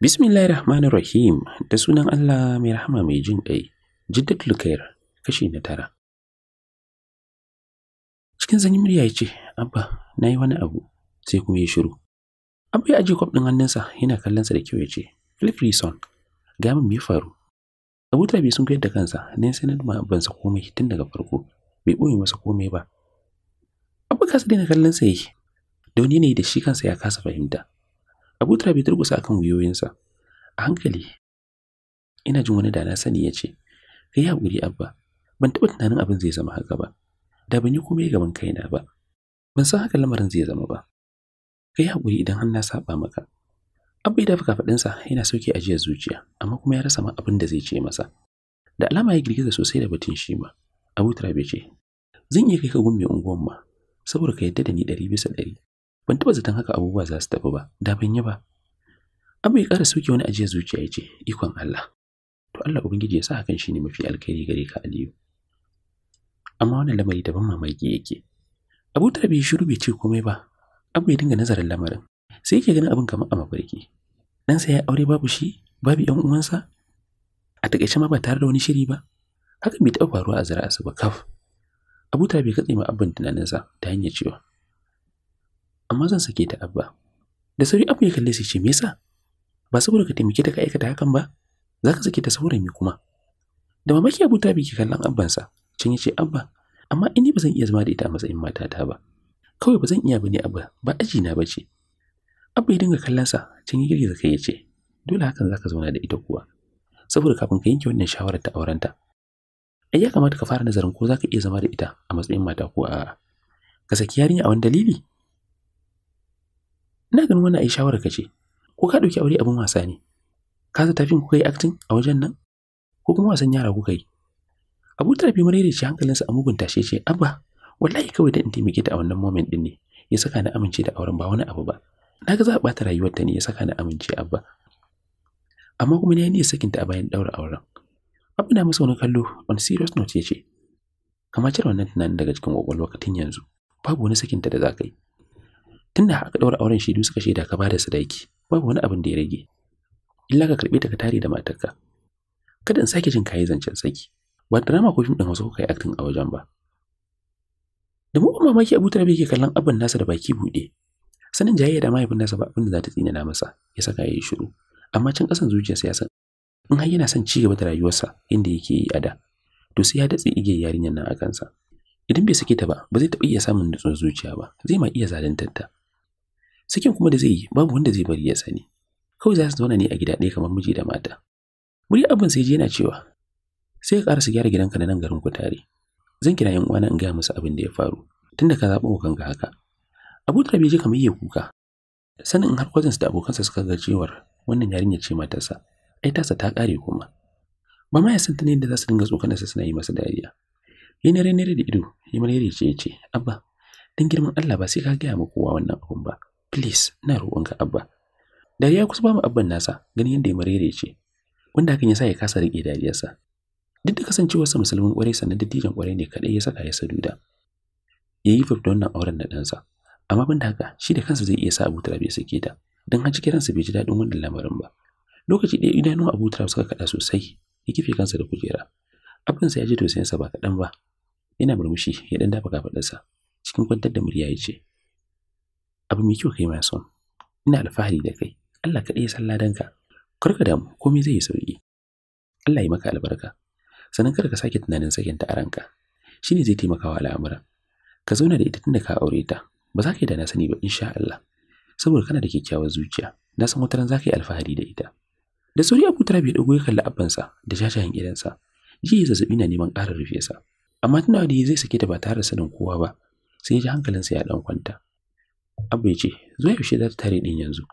Bismillahir Rahmanir Rahim da sunan Allah mai rahama mai jin ƙai, Jiddatul Kair, kashi na tara. Cikin zanyi murya ya ce, Abba, na yi wani abu, sai kuma ya shiru. Abba ya aje kwaf ɗin hannunsa yana kallonsa da kyau ya ce, Philip Reason, ga min faru? Abu biyu sun kai da kansa, ne sai na duma abansa komai tun daga farko. bai boye masa komai ba abu kasa daina kallon sa yake da wani yanayi da shi kansa ya kasa fahimta abu tura bai turgusa akan wuyoyinsa a hankali ina jin wani da sani ya ce Kai yi haƙuri abba ban taɓa tunanin abin zai zama haka ba da ban yi komai gaban kaina ba ban san haka lamarin zai zama ba Kai ya haƙuri idan har na saba maka Abba ya dafa kafaɗinsa yana sauke ajiyar zuciya, amma kuma ya rasa ma abin da zai ce masa. Da alama ya girgiza sosai da batun shi ma. Abu bai ce, zan iya kai ka gun mai unguwan ma saboda ka yadda da ni ɗari bisa ɗari ban taɓa zaton haka abubuwa za su tafi ba da ban yi ba An ya ƙara soke wani ajiyar zuciya ya ce ikon Allah to Allah ubangiji ya sa hakan shi ne mafi alkhairi gare ka Aliyu amma wannan lamari daban mamaki yake Abu bai shiru bai ce komai ba abu ya dinga nazarin lamarin sai yake ganin abin kamar a mafarki sai ya aure babu shi babu ‘yan uwansa a takaice ma ba tare da wani shiri ba hakan bai taɓa faruwa a zira'arsa ba kaf Abu ta bai katse ma abban tunaninsa ta hanyar cewa amma zan sake ta abba da sauri abu ya kalle sai ce me yasa ba saboda ka taimake ta ka aikata hakan ba za ka sake ta saboda me kuma da mamaki abu ta ke kallon abbansa can yace ce abba amma in ni ba zan iya zama da ita a matsayin matata ba kawai ba zan iya bane abba ba aji na bace abba ya dinga kallon sa can ya girgiza kai ya dole hakan zaka zauna da ita kuwa saboda kafin ka yanke wannan shawarar ta aurenta ai ya kamata ka fara nazarin ko za ka iya zama da ita a matsayin mata ko a? ka saki yarinya a wani dalili ina ganin wannan ai shawara ka ce ko ka ɗauki aure abin wasa ne ka za tafin kuka yi acting a wajen nan ko kuma wasan yara kuka yi abu ta fi murere shi hankalinsa a mugun tashe ce abba wallahi kawai da in taimaki ta a wannan moment din ne ya saka ni amince da auren ba wani abu ba na ga za a bata rayuwar ta ne ya saka ni amince abba amma kuma ne yi sakinta a bayan ɗaura auren na masa wani kallo on serious note ya ce kama cire wannan tunanin daga cikin kwakwalwa tun yanzu babu wani sakinta da za ka yi tunda aka daura auren shaidu suka shaida ka bada sadaki babu wani abin da ya rage illa ka karbe ta ka tare da matarka kada in sake jin kayi zancen saki ba drama ko fim din wasu kai acting a wajen ba da mu mamaki Abu Turabi ke kallon abin nasa da baki buɗe. sanin jayayya da mahaifin nasa ba abin da za ta tsina na masa ya saka ya yi shiru amma cin kasan zuciyarsa ya san in har yana son ci gaba da rayuwarsa inda yake yi a da to sai ya datse igiyar yarinyar nan a kansa idan bai sake ta ba ba zai taɓa iya samun nutsuwar zuciya ba zai ma iya zaluntar ta sakin kuma da zai yi babu wanda zai bari ya sani kawai za su zauna ne a gida ɗaya kamar miji da mata muri abin sai je yana cewa sai ka ƙara su gyara gidanka na nan garin ku tare zan kira yan uwana in gaya musu abin da ya faru tunda ka zaɓa kanka haka abu da ji kamar ya kuka sanin in har kwazinsa da abokansa suka ga cewar wannan yarinya ce matarsa ai tasa ta kare kuma ba ma ya san ta ne da za su dinga tsokanarsa suna yi masa dariya yi na renere da ido yi mana yare ce ce abba dan girman allah ba sai ka gaya ma kowa wannan abun ba please na roƙonka abba dariya kusa ba mu abban nasa ganin yadda ya marere ce wanda hakan ya sa ya kasa riƙe dariyarsa duk da kasancewarsa musulmin ƙwarai sannan dijin ƙwarai ne kaɗai ya saka ya saduda ya yi fifta wannan auren da ɗansa amma banda da haka shi da kansa zai iya sa abu turabe suke ta don har cikin bai ji daɗin wannan lamarin ba lokaci ɗaya idanun abu turab suka kaɗa sosai ya kife kansa da kujera Abin sa ya ji sa ba kaɗan ba yana murmushi ya ɗan dafa sa cikin kwantar da murya ya ce abu mai kyau kai ma son ina alfahari da kai Allah kaɗai ya san Ladan Kar karka damu komai zai yi sauki Allah ya maka albarka sannan kada ka sake tunanin sakin ta ka. ranka shine zai taimakawa al'amura ka zauna da ita tunda ka aure ta ba za ka yi da na sani ba insha Allah saboda kana da kyakkyawar zuciya na san wataran za ka yi alfahari da ita da sauri abu tara bai dogo ya kalli abansa da jajayen gidansa ji zazzabi na neman ƙara rufe sa amma tunawa da zai sake ta ba tare da sanin kowa ba sai ya ji hankalinsa ya dan kwanta abu ya ce zuwa yaushe za ta tare din yanzu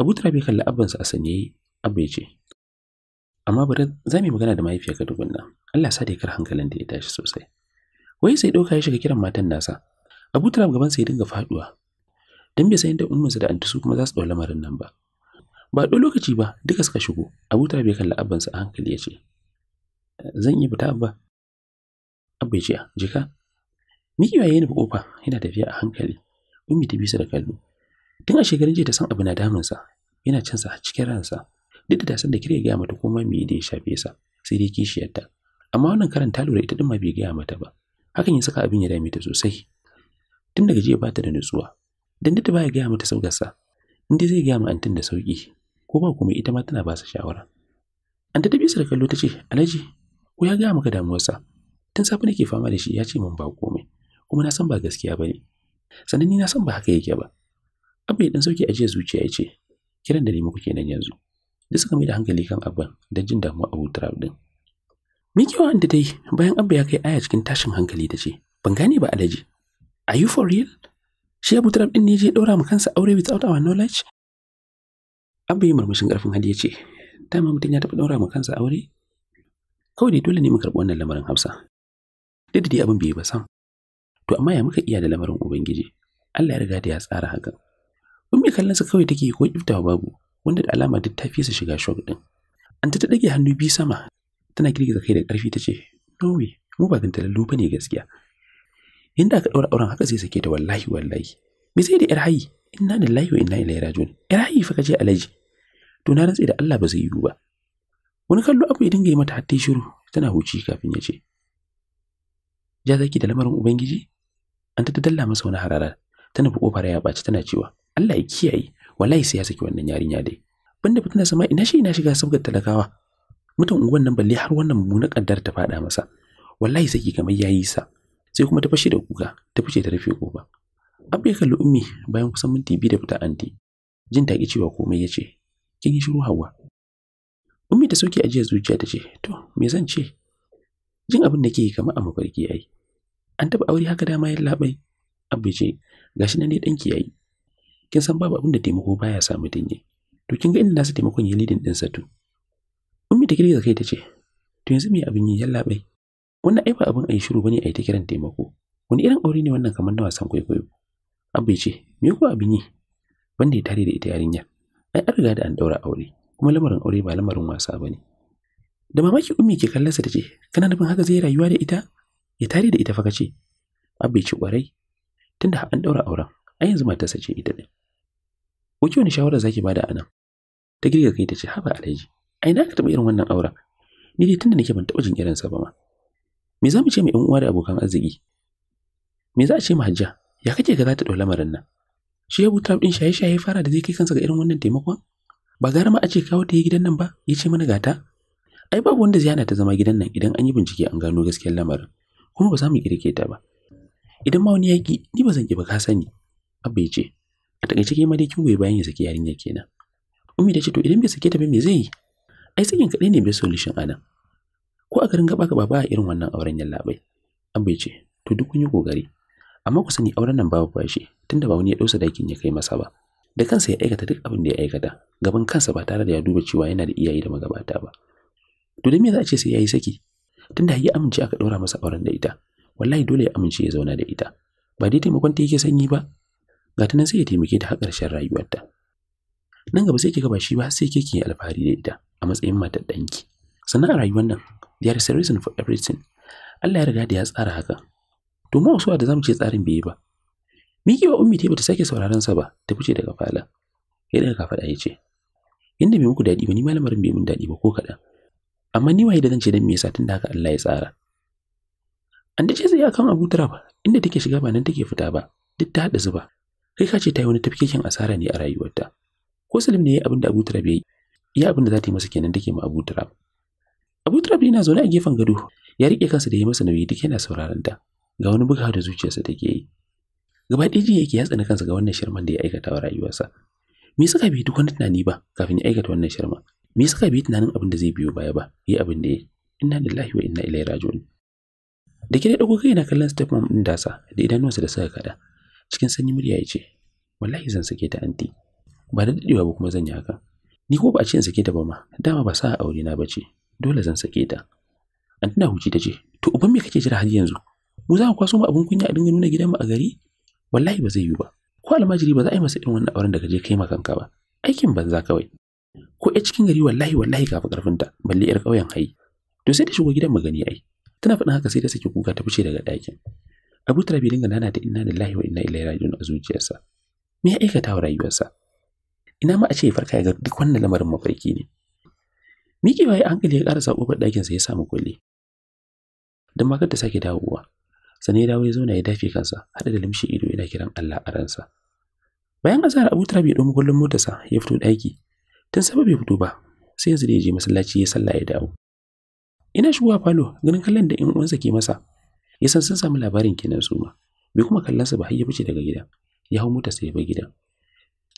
abu tara bai kalli abansa a sanye abu ya ce amma bari za mu yi magana da ka tukunna Allah sa da ya kar hankalin da ya tashi sosai wai sai ɗauka ya shiga kiran matan nasa abu tara gaban sai ya dinga faɗuwa. dan bai san da ummansa da antisu kuma za su ɗau lamarin nan ba ba ɗau lokaci ba duka suka shigo abu ta bai kalli abansa a hankali ya ce zan iya fita abba abba ya ce jika mikiwa ya nufi kofa yana tafiya a hankali ummi ta bisa da kallo tun a shekarun jiya ta san abu na damunsa yana cin a cikin ransa duk da ta san da kirya gaya mata komai me da ya shafe sa sai dai kishiyarta amma wannan karan ta lura ita din ma bai gaya mata ba hakan ya saka abin ya dame ta sosai tun daga jiya ba ta da nutsuwa dan duk da ya gaya mata saukarsa in dai zai gaya ma antin da sauki ko ba kuma ita ma tana ba sa shawara an ta tafi da kallo ta ce alhaji ko ya gaya maka damuwarsa tun safe nake fama da shi ya ce min ba komai kuma na san ba gaskiya ba ne sannan ni na san ba haka yake ba abba ya dan sauke ajiya zuciya ya ce kiran da ni muku kenan yanzu da suka mai da hankali kan abban don jin damuwa abu turab din an da dai bayan Abba ya kai aya cikin tashin hankali ta ce, Ban gane ba alhaji Are you for real? Shi Abu Turab ɗin ne je ɗora mu kansa aure without our knowledge? an ya murmushin ƙarfin hali ya ce, dama mutum ya taɓa ɗaura ma kansa aure? Kawai dai dole ne mu karɓi wannan lamarin Hafsa. Duk da dai abin bai ba sam. To amma ya muka iya da lamarin Ubangiji. Allah ya riga da ya tsara hakan. Ummi kallon sa kawai take ko kiftawa babu, wanda da alama duk ta fi su shiga shop din. An ta ɗage hannu biyu sama, tana girgiza kai da ƙarfi ta ce, "No mu ba ganta lallu ba ne gaskiya." Yanda aka ɗaura auren haka sai sake ta wallahi wallahi. Me sai da 'yar hayi inna lillahi wa inna ilaihi raji'un irahi fa kaje alaji to na rantsi da Allah ba zai yiwu ba wani kallo abu ya dinga yi mata hatta shiru tana huci kafin ya ce ja zaki da lamarin ubangiji an ta dalla masa wani harara tana nufi kofar ya baci tana cewa Allah ya kiyaye wallahi sai ya saki wannan yarinya dai banda fitina sama ina shi ina shiga sabgar talakawa mutan unguwan nan balle har wannan mummunar kaddar ta fada masa wallahi saki kamar yayi sa sai kuma ta fashe da kuka ta fice ta rufe kofa Abba ya kalli Ummi bayan kusan minti biyu da fita anti. Jin ta cewa komai ya ce, Kin yi shiru Hauwa. Ummi ta soke ajiyar zuciya ta ce, To, me zan ce? Jin abin da ke yi kamar a mafarki ai. An taɓa aure haka dama yin labai. Abba ce, Gashi nan ne ɗanki yayi. Kin san babu abin da taimako baya samu dinye To kin ga inda nasu taimakon ya lidin ɗinsa satu. Ummi ta girgiza kai ta ce, To yanzu me abin yi yallaɓai? Wannan ai ba abin a yi shiru bane a yi ta kiran taimako. Wani irin aure ne wannan kamar na wasan kwaikwayo? Abba ya ce, me ko abin yi? Wanda ya tare da ita yarinyar. Ai an riga da an daura aure, kuma lamarin aure ba lamarin wasa bane. Da mamaki ummi ke kallon sa ce kana nufin haka zai rayuwa da ita? Ya tare da ita fa kace. Abba ya ce kwarai, tunda an daura auren, ai yanzu matarsa sace ita din. Wace wani shawara zaki bada anan? Ta girga kai ta ce, haba alhaji, ai na ka taɓa irin wannan auren. Ni dai tunda nake ban taba jin sa ba ma. Me za mu ce mai uwa da abokan arziki? Me za a ce mu hajja ya kake ga za ta ɗau lamarin nan shi ya buta ɗin shaye-shaye fara da zai kai kansa ga irin wannan taimakon ba gara ma a ce kawo ta yi gidan nan ba ya ce mana gata ai babu wanda ziyana ta zama gidan nan idan an yi bincike an gano gaskiyar lamarin kuma ba za mu kirke ta ba idan ma wani yaƙi ni ba zan ki ba ka sani abba ya ce a takaice ke ma dai kin goyi bayan ya saki yarinya kenan ummi ta ce to idan bai sake ta ba me zai yi ai sakin kaɗai ne bai solution anan ko a garin gaba gaba ba a irin wannan auren yallaɓai abba ya ce to duk kun yi kokari amma ku sani auren nan babu bashi tunda ba wani ya dausa dakin ya kai masa ba da kansa ya aikata duk abin da ya aikata gaban kansa ba tare da ya duba cewa yana da iyaye da magabata ba to da me za a ce sai yayi saki tunda ya amince aka daura masa auren da ita wallahi dole ya amince ya zauna da ita ba dai taimakon ta yake sanyi ba ga tunan sai ya taimake ta har ƙarshen rayuwarta nan gaba sai kika ba shi ba sai kike yi alfahari da ita a matsayin matar danki sannan a rayuwar nan there is a reason for everything Allah ya riga da ya tsara haka to mu wasu da zamu ce tsarin bai ba. ba wa ummi ta bata sake sauraron sa ba ta fice daga fala ya daga kafada ya ce inda bai muku daɗi ba ni malamarin bai mun daɗi ba ko kaɗan amma ni waye da zan ce dan me yasa tun da haka Allah ya tsara an dace sai akan Abu turaba inda take shiga ba nan take fita ba duk ta hada zuba kai ka ce ta yi wani tafkekin asara ne a rayuwarta ko Salim ne ya abin da Abu turaba ya yi iya abin da za ta yi masa kenan take ma Abu turaba Abu turaba yana zaune a gefen gado ya rike kansa da ya masa nauyi duk yana sauraron ta ga wani buga da zuciyarsa take yi gaba ɗaya ji yake ya tsani kansa ga wannan shirman da ya aikata wa rayuwarsa me suka bi duk wani tunani ba kafin ya aikata wannan shirma me suka bi tunanin abin da zai biyo baya ba yi abin da ya inna lillahi wa inna ilaihi raji'un da kire dago kai na kallon step mom din dasa da idanuwansa da suka kada cikin sanyi murya ya ce wallahi zan sake ta anti ba da dadewa ba kuma zan yi haka ni ko ba a ce in sake ta ba ma dama ba sa aure na bace dole zan sake ta an tana huci ta ce to uban me kake jira har yanzu Ku za mu kwaso mu abun kunya a dinga nuna gidanmu a gari wallahi ba zai yi ba ko almajiri ba za a yi masa irin wannan auren da ka kai ma kanka ba aikin banza kawai ko a cikin gari wallahi wallahi karfin ta balle yar ƙauyen hayi to sai ta shigo gidan magani ai tana faɗin haka sai ta saki kuka ta fice daga ɗakin Abu Turabi dinga nana ta inna lillahi wa inna ilaihi raji'un a zuciyarsa me ya aikata wa rayuwarsa ina ma a ce ya farka ya ga duk wannan lamarin mafarki ne Miki waye hankali ya ƙarasa ƙofar ɗakin sa ya samu kulle dan magar ta sake dawowa Sani ya dawo ya zauna ya dafe kansa, haɗa da limshi ido yana kiran Allah a ransa. Bayan azhar Abu Turab ya ɗauki kullum motarsa ya fito ɗaki. Tun sabab ya fito ba, sai yanzu da ya je masallaci ya sallah ya dawo. Ina shigowa falo ganin kallon da 'yan uwansa ke masa. Ya san sun samu labarin kenan su ma. Bai kuma kallon sa ba har ya fice daga gida. Ya hau motarsa ya bar gidan.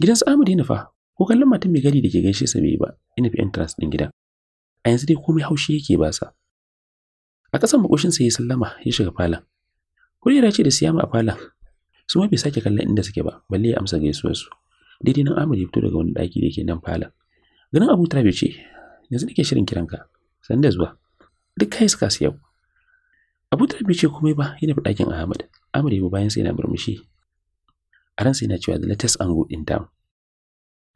Gidan su Ahmad yana fa, ko kallon matan mai gari da ke gaishe sa bai ba, ina fi entrance ɗin gidan. A yanzu dai komai haushi yake ba sa. A ƙasan makoshinsa ya sallama ya shiga falon. Kurera ce da siyama a falon. Su ma bai sake kallon inda suke ba, balle ya amsa gaisuwar su. Daidai nan Amadu ya fito daga wani daki da ke nan falon. Ganin Abu Turabi ce, yanzu nake shirin kiranka, san da zuwa. Duk kai suka siya. Abu Turabi ce komai ba, yana ɗakin Ahmad. Ahmad ya bi bayan sai yana murmushi. A sai yana cewa the latest ango in ta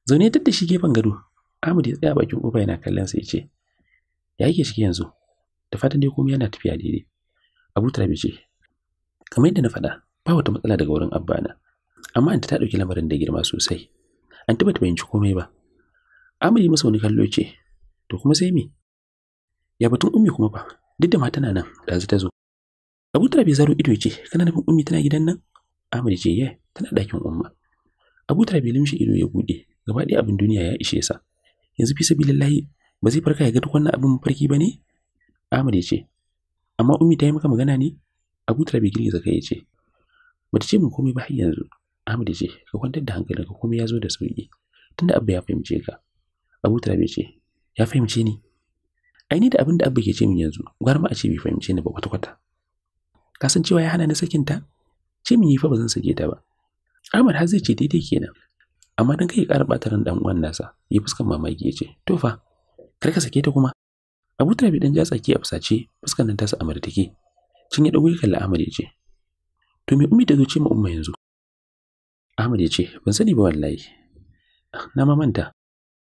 Zaune ta da shi gefen gado, Amadu ya tsaya bakin kofa yana kallon sa ya ce, Ya yake ciki yanzu? Da fatan dai komai yana tafiya daidai. Abu Turabi ce, kamar yadda na faɗa ba wata matsala daga wurin abba na amma anta ta ɗauki lamarin da girma sosai anta bata fahimci komai ba yi masa wani kallo ce to kuma sai me ya batun ummi kuma ba duk da ma tana nan ɗazu ta zo abu bai zaro ido ce kana nufin ummi tana gidan nan amari ce ye tana ɗakin umma abu bai limshi ido ya buɗe gaba ɗaya abin duniya ya ishe sa yanzu fi sabilillahi ba zai farka ya ga duk wannan abin mafarki ba ne amari ce amma ummi ta yi maka magana ne Abu bai girgiza kai ya ce, Bata ce min komai ba har yanzu. Ahmad ya ce, Ka kwantar da ka komai ya zo da sauƙi. Tunda Abba ya fahimce ka. Abu bai ce, Ya fahimce ni. Ai ni da abin Abba ke ce min yanzu, gwara ma a ce bai fahimce ni ba kwata-kwata. Ka cewa ya hana ni sakin ta? Ce min yi fa ba zan sake ta ba. Ahmad har zai ce daidai kenan. Amma dan kai ka ƙara ɓata ran dan uwan nasa, yi fuskan mamaki ya ce, To fa, kar ka sake ta kuma. Abu Turabi dan ja a fusace, fuskan nan tasa amartake Cin ya dauki kalla, Ahmad ya ce, To me umi ta zo ce ma Umma yanzu? Ahmad ya ce, Ban sani ba wallahi. Na ma manta,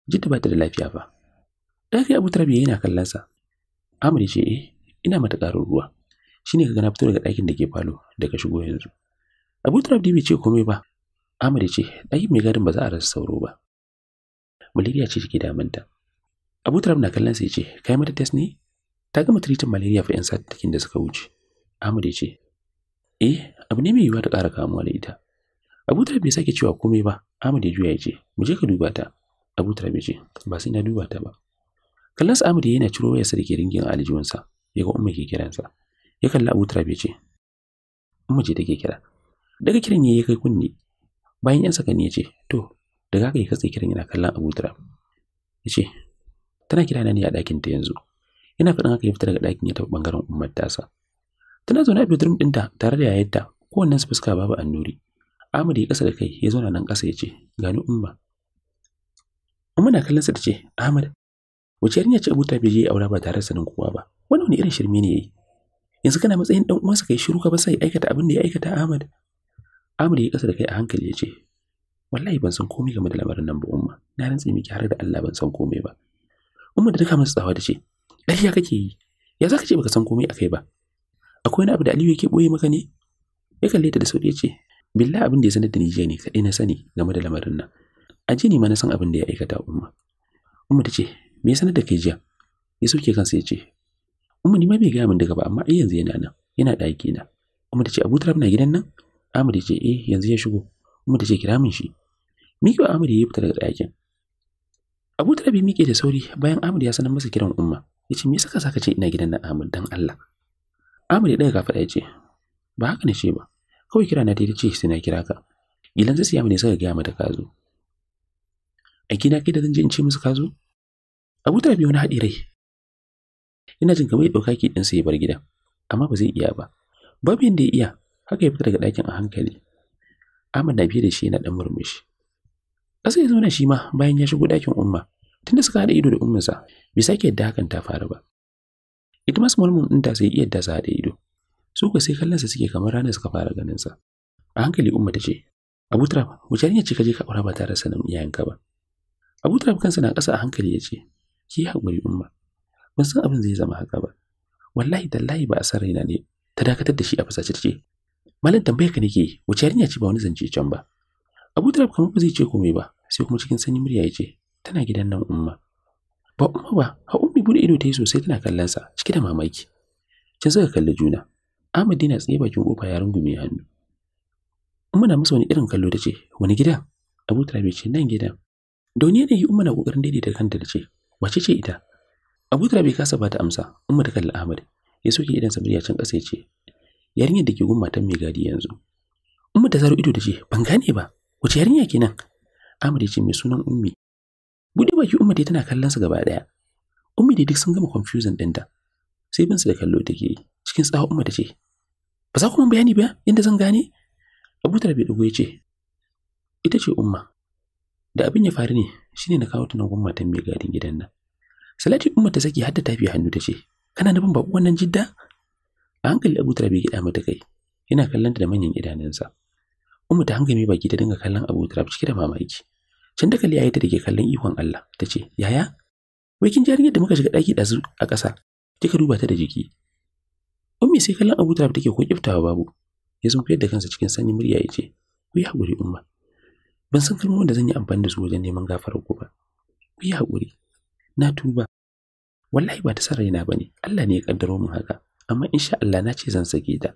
jidda ba ta da lafiya ba. Ɗafi Abu Turabi yana kallansa. Ahmad ya ce, Eh, ina mata ƙarar ruwa. Shi ne kaga na fito daga ɗakin da ke falo daga shigo yanzu. Abu Turabi bai ce komai ba. Ahmad ya ce, ɗakin mai gadin ba za a rasa sauro ba. Malaria ce take damunta. Abu Turabi na kallon sai ya ce, Kai mata test ne? Ta gama tiritin malaria fa 'yan satakin da suka wuce. Ahmad ya ce, Eh, abu ne mai yiwuwa ta ƙara kamuwa da ita. Abu bai sake cewa komai ba, Ahmad ya juya ya ce, Mu je ka duba ta. Abu bai ce, Ba sai na duba ta ba. Kallas Ahmad yana ciro wayarsa da ke ringin aljihunsa, ya ga Umma ke kiransa. Ya kalli Abu Turab ce, Umma ce take kira. Daga kiran ya kai kunne. Bayan 'yan sakanni ya ce, To, da za ka yi katse kiran yana kallon Abu Ya ce, Tana kira na ne a ɗakin ta yanzu. Yana faɗin haka ya fita daga ɗakin ya tafi ɓangaren ummar tasa. Tana zaune a bedroom ɗinta tare da yayarta, kowannen su fuska babu annuri. Amadu ya kasa da kai ya zauna nan kasa ya ce, "Gani Umma." Umma na kallon sa ta ce, "Ahmad, wace yarinya ce abuta bai je aura ba tare da sanin kowa ba? Wani wani irin shirme ne yayi?" Yanzu kana matsayin dan uwansa kai shiru ka ba sai aikata abin da ya aikata Ahmad. Amadu ya kasa da kai a hankali ya ce, "Wallahi ban san komai game da lamarin nan ba Umma. Na rantsi miki har da Allah ban san komai ba." Umma da duka masa tsawa ta ce, "Lafiya kake yi? Ya zaka ce baka san komai akai ba?" akwai wani abu da Aliyu yake boye maka ne ya kalle ta da sauki yace billahi abin da ya sanar da ni jiya ne kadai na sani game da lamarin nan a ni ma na san abin da ya aikata umma umma ta me ya sanar da kai jiya ya sauke kansa ya ce umma ni ma bai gaya min daga ba amma ai yanzu yana nan yana ɗaki na umma ta Abu Turab na gidan nan Ahmad ya eh yanzu ya shigo umma ta kira min shi Miki Ahmad ya fita daga ɗakin Abu Turabi miƙe da sauri bayan Ahmad ya sanar masa kiran Umma. Ya ce, Me yasa ka ce ina gidan nan Ahmad dan Allah? Amir ya ga kafaɗa ce, Ba haka na ce ba, kawai kira na ta ce sai na kira ka. Gilan zai siya mini suka gaya mata ka zo. A gina kai da zan je in ce musu ka zo? Abu ta biyu na haɗi rai. Ina jin kamar ya ɗauka ki ɗinsa ya bar gida, amma ba zai iya ba. Babu yadda ya iya, haka ya fita daga ɗakin a hankali. Ahmad na biye da shi yana ɗan murmushi. Ƙasa ya zauna shi ma bayan ya shigo ɗakin Umma. Tunda suka haɗa ido da umminsa, bai sake yadda hakan ta faru ba. ita ma small din ta sai iya dasa da ido su ko sai kallonsa suke kamar ranar suka fara ganinsa a hankali umma ta ce abu trap wuce ya ce ka je ka aura ba tare da sanin iyayenka ba abu trap kansa na kasa a hankali ya ce ki haƙuri umma ban san abin zai zama haka ba wallahi tallahi ba a san raina ne ta dakatar da shi a fasace ta ce malam ka nake wuce yarinya ce ba wani zance can ba abu trap kamar ba zai ce komai ba sai kuma cikin sanyin murya ya ce tana gidan nan umma ba umma ba ha ummi bude ido ta yi sosai tana kallon sa cike da mamaki Kin saka kalli juna Ahmad yana tsaye bakin kofa ya mai hannu umma na masa wani irin kallo da ce wani gida Abu Turabi ce nan gidan Doniya da yi umma na kokarin da kanta da ce wace ce ita Abu Turabi kasa ba ta amsa umma ta kalli Ahmad ya soke idan sa cin can kasa ya ce yarinyar da ke gun matan mai gadi yanzu Umma ta zaro ido da ce ban gane ba wace yarinya kenan Ahmad ya ce mai sunan Ummi Buɗe baki Umma dai tana kallon su gaba ɗaya. Ummi dai duk sun gama confusion ɗinta. Sai bin su da kallo take yi. Cikin tsawa Umma ta ce, "Ba za ku mun bayani ba yadda zan gane?" Abu Tarbi ɗigo ya ce, "Ita ce Umma." Da abin ya faru ne shine na kawo ta nan Umma mai gadin gidan nan. Salati Umma ta saki har ta tafi hannu ta ce, "Kana nufin babu wannan jidda?" A hankali Abu Tarbi gida mata kai. Yana kallon ta da manyan idanunsa. Umma ta hangami baki ta dinga kallon Abu cike da mamaki. Can da kalliya ayata da kallon ikon Allah ta ce, Yaya, wai kin jarinyar da muka shiga ɗaki ɗazu a ƙasa, kika duba ta da jiki. Ummi sai kallon Abu Talib take ko kiftawa babu, ya zo fiyar da kansa cikin sanyin murya ya ce, Ku yi haƙuri umma, ban san kalmomin da zan yi amfani da su wajen neman gafarar ku ba. Ku yi haƙuri, na tuba. Wallahi ba ta san raina ba ne, Allah ne ya kaddaro mu haka, amma insha Allah na ce zan sake ta.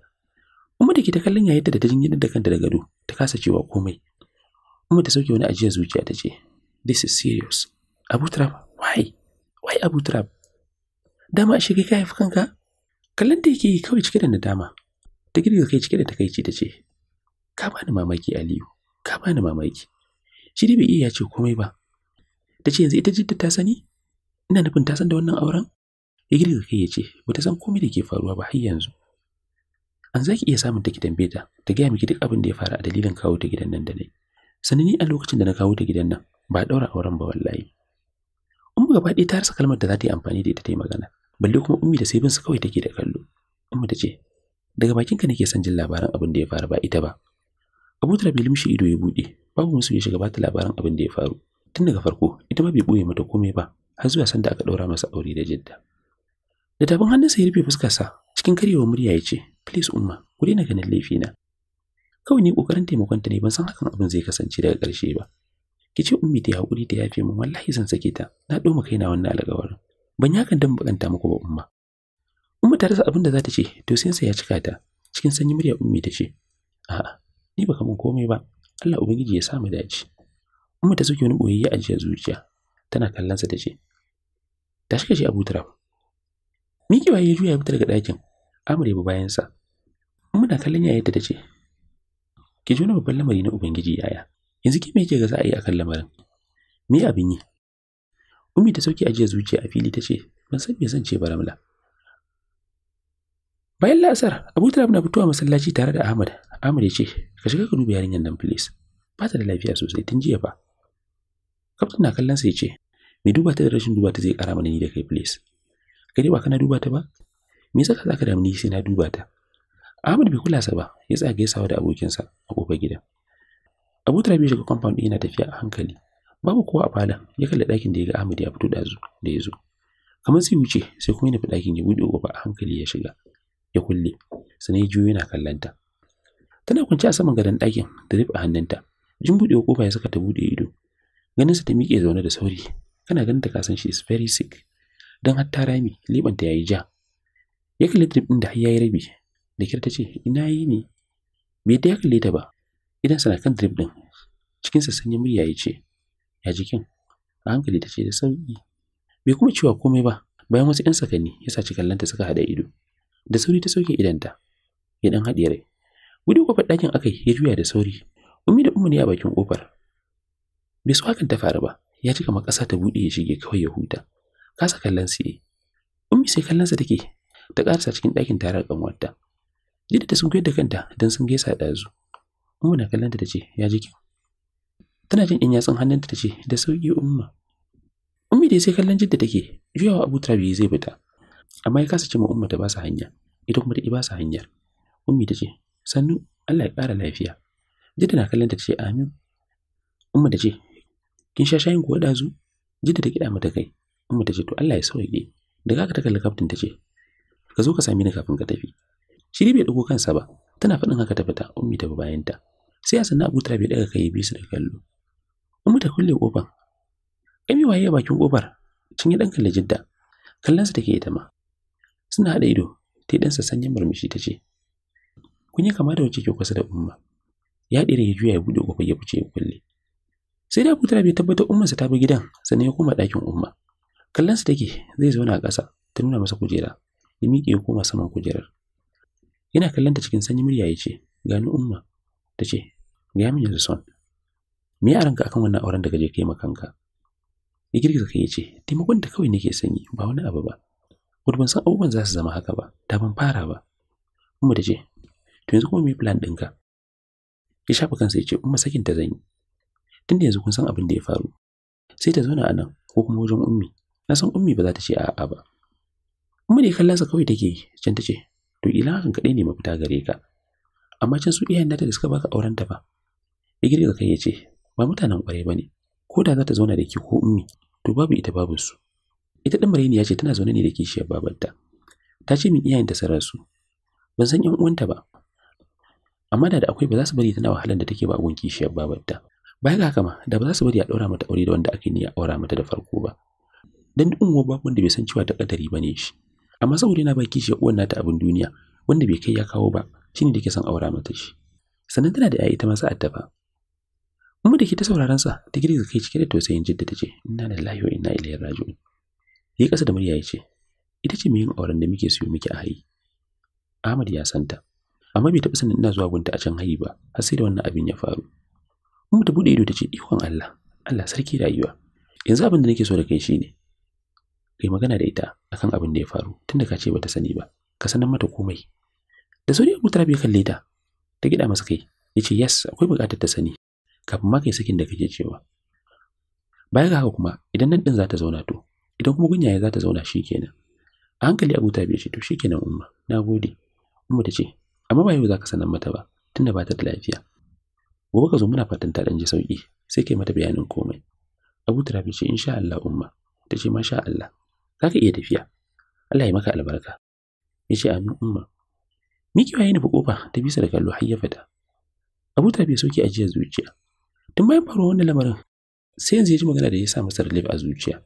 Umma da ke ta kallon yayin da ta jinyar da kanta da gado, ta kasa cewa komai. Kuma ta sauke wani ajiyar zuciya ta ce, This is serious. Abu Turab, why? Why Abu Turab? Dama a kai ka fukanka Kallon da yake yi kawai cike da nadama. Ta girgiza kai cike da takaici ta ce, Ka bani mamaki Aliyu, ka bani mamaki. Shi dai bai iya ce komai ba. Ta ce yanzu ita jidda ta sani? Ina nufin ta san da wannan auren? Ya girgiza kai ya ce, Ba ta san komai da ke faruwa ba har yanzu. An zaki iya samun ta ki tambaye ta, ta gaya miki duk abin da ya faru a dalilin kawo ta gidan nan da nai. sannan ni a lokacin da na kawo ta gidan nan ba daura auren ba wallahi umma gaba ɗaya ta rasa kalmar da za ta yi amfani da ita ta yi magana balle kuma ummi da sabin su kawai take da kallo umma ta ce daga bakinka nake son jin labaran abin da ya faru ba ita ba Abu Talib ya ido ya buɗe babu musu ya shiga bata labaran abin da ya faru. Tun daga farko, ita ma bai ɓoye mata komai ba, har zuwa sanda aka ɗaura masa aure da Jidda. Da tafin hannunsa ya rufe fuskarsa, cikin karyewar murya ya ce, "Please umma, ku daina ganin laifina. kawai ne kokarin taimakon ta ne ban san hakan abin zai kasance daga ƙarshe ba ki ce ummi ta hakuri ta yafe min wallahi zan sake ta na doma kaina wannan alƙawarin ban yakan dan bakanta muku ba umma umma ta rasa abin da za ta ce to sai sai ya cika ta cikin sanyi murya ummi ta ce a'a ni baka mun komai ba Allah ubangiji ya sa mu dace umma ta soke wani boyayye a jiya zuciya tana kallon sa ta ce ta shiga shi Abu Turab Miki waye ya juya ya fita daga ɗakin Amr ya bi bayan sa umma na kallon yayarta ta ce Ki jona babban lamari na Ubangiji yaya. Yanzu ki me ga za a yi akan lamarin? Me abin yi? Umi ta sauki ajiya zuciya a fili ta ce, Ban san me zan ce ba Ramla. Bayan la'asar, Abu Talib na fitowa masallaci tare da Ahmad. Ahmad ya ce, Ka shiga ka duba yarinyar nan please. Ba ta da lafiya sosai tun jiya ba. Kaftin na kallon sa ya ce, Me duba ta da rashin duba ta zai kara mana ni da kai please. Kai ba kana duba ta ba? Me yasa ka zaka da ni sai na duba ta? Ahmad bai kula sa ba, ya tsaya gaisawa da abokinsa a kofar gidan. Abu Turabi shiga compound ɗin yana tafiya a hankali. Babu kowa a falon, ya kalli ɗakin da ya ga Ahmad ya fito da da ya zo. Kamar sai wuce, sai kuma ya nufi ɗakin ya buɗe kofa a hankali ya shiga. Ya kulle, sannan ya juyo yana kallanta. Tana kwance a saman gadon ɗakin da rufe a hannunta. Jin buɗewa kofa ya saka ta buɗe ido. Ganinsa ta miƙe zaune da sauri. Kana ganin ta kasan shi is very sick. Don har ta rami, leɓanta ya yi ja. Ya kalli trip ɗin da har ya yi rabi, da kyar ta ce ina yi ne bai da ya kalle ta ba idan sana kan drip din cikinsa sanyin murya ya ce ya jikin a hankali ta ce da sauƙi. bai kuma cewa komai ba bayan wasu 'yan sakani. ya saci kallonta suka haɗa ido da sauri ta sauke idanta ya ɗan haɗe rai gudu kofar ɗakin aka yi ya juya da sauri umi da umu ne a bakin ƙofar. bai su hakan ta faru ba ya cika makasa ƙasa ta buɗe ya shige kawai ya huta kasa kallon su yi ummi sai kallonsa take ta ƙarasa cikin ɗakin tare da ƙanwarta Dida ta sunkuyar da kanta don sun gaisa ɗazu. Umma na kallonta ta ce, ya kyau." Tana jin in yatsun hannunta ta ce, da sauƙi umma. Ummi dai sai kallon jidda take, juyawa Abu Turabi zai fita. Amma ya kasa ce Umma ta ba su hanya, ita kuma ta ba su hanyar. Ummi ta ce, sannu Allah ya ƙara lafiya. Jidda na kallon ta ce, amin. Umma ta ce, kin sha shayin kuwa ɗazu? Jidda ta kida mata kai. Umma ta ce, to Allah ya sauke." Da kaka ta kalli kaftin ta ce, ka zo ka sami ni kafin ka tafi. Shiri bai dago kansa ba tana faɗin haka ta fita ummi ta bayan ta sai a sannan abuta bai daga kai bisa da kallo ummi ta kulle kofar ami waye bakin kofar cin ya ɗan kalli jidda kallonsa take ita ma suna haɗa ido ta sa sanyin murmushi ta ce kun yi kama da wace ke kusa da umma ya dire ya juya ya buɗe kofar ya fice kulle sai da abuta bai tabbatar sa ta bi gidan sannan ya koma dakin umma kallonsa take zai zauna a ƙasa ta nuna masa kujera ya miƙe ya koma saman kujerar yana kallon ta cikin sanyi murya ya ce gani umma ta ce ga min yanzu son me ya ranka akan wannan auren da kaje kai ma kanka ya girgiza kai ya ce taimakon da kawai nake sanyi ba wani abu ba wato san abubuwan za su zama haka ba da ban fara ba umma ta to yanzu kuma me plan ɗinka ya shafa kansa ya umma sakin ta zan yi tunda yanzu kun san abin da ya faru sai ta zauna a nan ko kuma wajen ummi na san ummi ba za ta ce a'a ba Umma ne kallansa kawai take can ta ce to ila hakan kaɗai ne mafita gare ka amma can su iyayen da suka baka auren ta ba igiri ga kai ya ba mutanen ƙwarai ba ne ko da za ta zauna da ke ko ummi to babu ita babu su ita ɗan mareniya ce tana zaune ne da kishiyar babarta ta ce min iyayen ta rasu ban san ƴan uwanta ba amma da da akwai ba za su bari tana wahalar da take ba gun kishiyar babarta baya ga haka ma da ba za su bari a ɗaura mata aure da wanda ake niyya aura mata da farko ba dan duk uwa babban da bai san cewa ta kadari bane shi amma saboda yana baki shi uwan nata abin duniya wanda bai kai ya kawo ba shine da yake son aura mata shi sannan tana da 'ya'ya ita masa sa'ad ta ba mu da ke ta sauraron sa ta girgiza kai cike da tausayin jidda ta ce inna lillahi wa inna ilaihi raji'un yi kasa da murya ya ce ita ce mai yin auren da muke siyo miki a hayi Ahmad ya santa amma bai taɓa sanin ina zuwa gunta a can hayi ba har sai da wannan abin ya faru mu ta bude ido ta ce ikon Allah Allah sarki rayuwa yanzu abin da nake so da kai shi ne. kai magana da ita akan abin da ya faru tunda ka ce bata sani ba ka sanar mata komai da sauri Abu Turab kalle ta ta gida masa kai yace yes akwai buƙatar ta sani kafin ma kai sakin da kake cewa baya ga haka kuma idan nan din za ta zauna to idan kuma gunyaye za ta zauna shikenan a hankali Abu Turab ce to shikenan umma nagode umma ta ce amma ba yau za ka sanar mata ba tunda bata ta da lafiya gobe ka zo muna fatan ta dan ji sauki sai kai mata bayanin komai Abu Turab ce insha Allah umma ta ce masha Allah Za iya tafiya. Allah ya maka albarka. Ya ce amin umma. Mikiwa ya nufi kofa ta bisa da kallo har ya fita. Abu Tabi bai soke zuciya. Tun bayan faruwar wannan lamarin sai yanzu ya ji magana da ya sa masa relief a zuciya.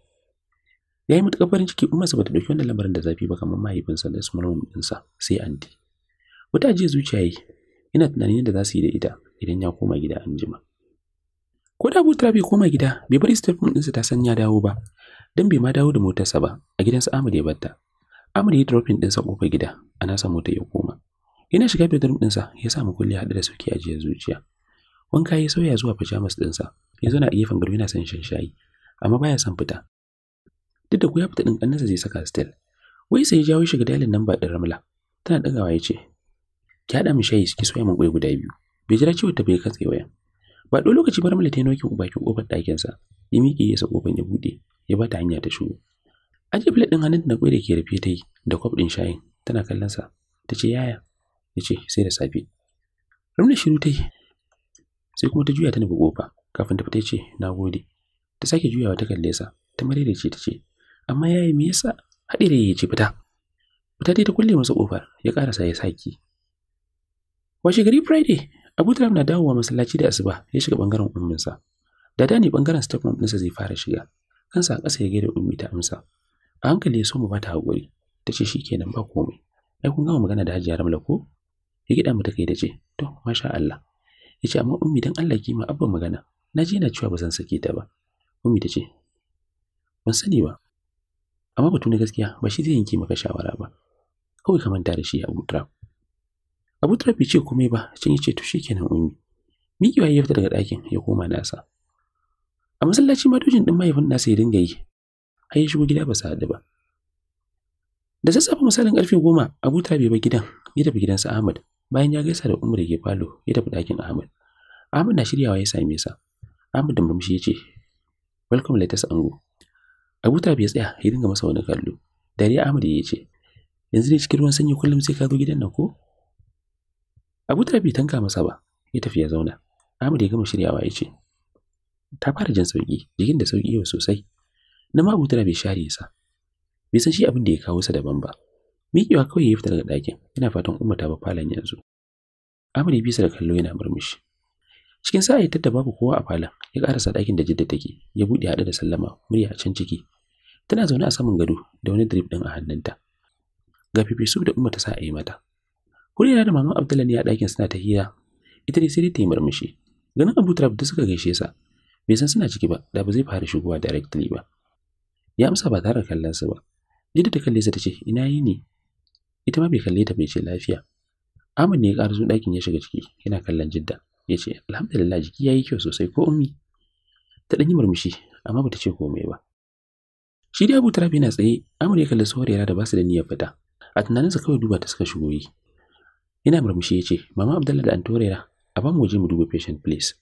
Ya yi farin ciki sa bata dauki wannan lamarin da zafi ba kamar mahaifinsa da su din ɗinsa sai anti. Wata ajiyar zuciya yi yana tunanin yadda za su yi da ita idan ya koma gida anjima. Ko da Abu Tabi koma gida bai bari step ɗinsa ta sanya dawo ba, Dan bai ma dawo da motarsa ba, a gidansa Ahmad ya batta. Ahmad ya dropping ɗinsa kofar gida, a nasa mota ya koma. Yana shiga bedroom ɗinsa, ya samu kulli haɗe da sauki a jiyar zuciya. Wanka ya sauya zuwa pajamas ɗinsa, ya zauna a gefen gado yana son shan shayi, amma baya son fita. Duk da ku ya fita ɗin ƙannansa zai saka stel. Wai sai ya jawo shiga dalin ba ɗin Ramla. Tana ɗagawa ya ce, Ki haɗa mu shayi ki soya mun ƙwai guda biyu. Bai jira ciwo ta bai katse wayan. ba ɗau lokaci bar mala ta bakin ƙofar ɗakinsa ya miƙe ya sa ƙofar ya buɗe ya bata hanya ta shigo aje filet ɗin hannun da kwai da ke rufe ta yi da kwaf ɗin shayin tana kallon sa ta ce yaya ya ce sai da safe ramla shiru ta yi sai kuma ta juya ta nufi ƙofa kafin ta fita ce na gode ta sake juyawa ta kalle sa ta mare da ce ta ce amma yaya me yasa haɗe da ya ce fita fita dai ta kulle masa ƙofar ya ƙarasa ya saki washe gari friday Abu na dawowa masallaci da asuba ya shiga bangaren umminsa. da ne bangaren step mom sa zai fara shiga. Kansa a ƙasa ya gaida ummi ta amsa. A hankali ya so mu bata haƙuri. Ta shi kenan ba komai. Ai kun gama magana da Hajiya Ramla ko? Ya gida ta kai da ce, "To, masha Allah." Ya ce, "Amma ummi dan Allah ki ma abban magana. Na ji na cewa ba zan sake ta ba." Ummi ta ce, "Ban sani ba. Amma batun na gaskiya ba shi zai yanke maka shawara ba. Kawai ka manta da shi Abu Turab." Abu bai ce komai ba, can ya ce to kenan ummi. Mikiwa ya fita daga ɗakin ya koma nasa. A masallaci madojin ɗin mahaifin nasa ya dinga yi, har ya shigo gida ba sa haɗu ba. Da sassafe misalin ƙarfe goma, Abu bai ba gidan, ya tafi gidansa Ahmad. Bayan ya gaisa da Umar da ke falo, ya tafi ɗakin Ahmad. Ahmad na shiryawa ya same sa. Ahmad da murmushi ya ce, Welcome latest ango. Abu Turab ya tsaya ya dinga masa wani kallo. Dariya Ahmad ya ce, Yanzu ne cikin ruwan sanyi kullum sai ka zo gidan nan ko? Abu bai tanka masa ba, ya tafi ya zauna. Ahmad ya gama shiryawa ya ce, Ta fara jin sauki jikin da sauki yau sosai. Na ma Abu bai share sa. Bai san shi abin da ya kawo sa daban ba. Miƙewa kawai ya fita daga ɗakin, yana fatan Umma ta ba falon yanzu. Ahmad ya bisa da kallo yana murmushi. Cikin sa'a ya tattaba babu kowa a falon, ya karasa ɗakin da jidda take, ya buɗe haɗe da sallama, murya a can ciki. Tana zaune a saman gado da wani drip ɗin a hannunta. Ga fifisu da Umma ta sa a yi mata, Kurera da maman Abdullahi a ɗakin suna ta hira. Ita ne sai dai ta yi murmushi. Ganin Abu Turab da suka gaishe sa. Bai san suna ciki ba, da ba zai fara shigowa directly ba. Ya amsa ba tare da kallon su ba. Jidda ta kalle sa ta ce, "Ina yi ne?" Ita ma bai kalle ta bai ce lafiya. Amin ne ya zo ɗakin ya shiga ciki, yana kallon Jidda. Ya ce, "Alhamdulillah jiki yayi kyau sosai ko ummi?" Ta ɗan yi murmushi, amma bata ce komai ba. Shi dai Abu Turab yana tsaye, Amin ya kalli tsohuwar yara da su da niyyar fita. A tunaninsa kawai duba ta suka shigo yi. Ina murmushi ya ce, Mama Abdullah da Antorera, a ba mu je mu duba patient please.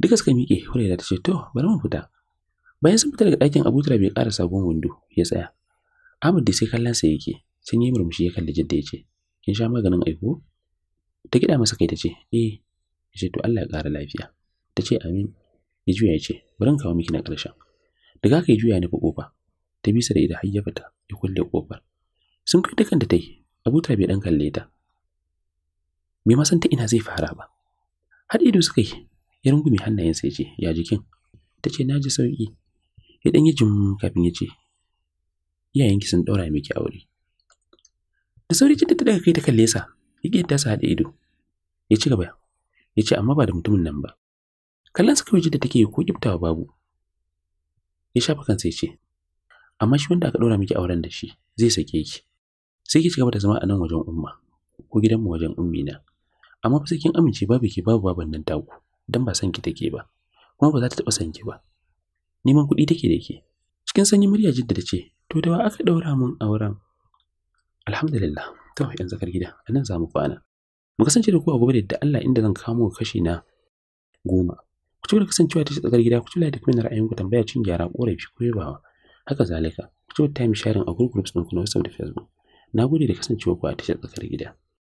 Duka suka miƙe, Hurera ta ce, To, bari mu fita. Bayan sun fita daga ɗakin Abu bai ƙara sabon wando ya tsaya. Ahmad da sai kallon sa yake, sun yi murmushi ya kalli jidda ya ce, Kin sha maganin aiko? Ta kiɗa masa kai ta ce, Eh, ya ce, To Allah ya ƙara lafiya. Ta ce, Amin. Ya juya ya ce, Bari mu kawo miki na ƙarshen. Daga ka ya juya nufa ƙofa, ta bisa da ida har ya fita, ya kulle ƙofar. Sun kai dukan da ta yi, Abutura bai ɗan kalle ta, bai ma ta ina zai fara ba har ido suka yi ya rungume hannayen ya ce ya jikin ta ce na ji sauƙi ya ɗan yi jin kafin ya ce iyayenki sun ɗaura miki aure da sauri cinta ta daga kai ta kalle sa ya ƙi ta sa haɗa ido ya ci gaba ya ce amma ba da mutumin nan ba kallon sa kawai jinta take ko kiftawa babu ya shafa kansa ya ce amma shi wanda aka ɗora miki auren da shi zai sake ki sai ki ci gaba da zama a nan wajen umma ko mu wajen ummina. amma fa sai kin amince babu ki babu baban nan taku dan ba san ki take ba kuma ba za ta taba san ki ba neman kuɗi take da ke cikin sanyi murya jidda ce to da wa aka daura mun auren alhamdulillah to yan zakar gida anan za mu kwana mu kasance da ku a gobe da Allah inda zan kawo kamo kashi na goma ku ci kasancewa ta tsakar gida ku ci da kuma ku tambaya cin gyara korafi ko yabawa haka zalika ku ci time sharing a group groups ku na WhatsApp da Facebook na gode da kasancewa ku a tashar tsakar gida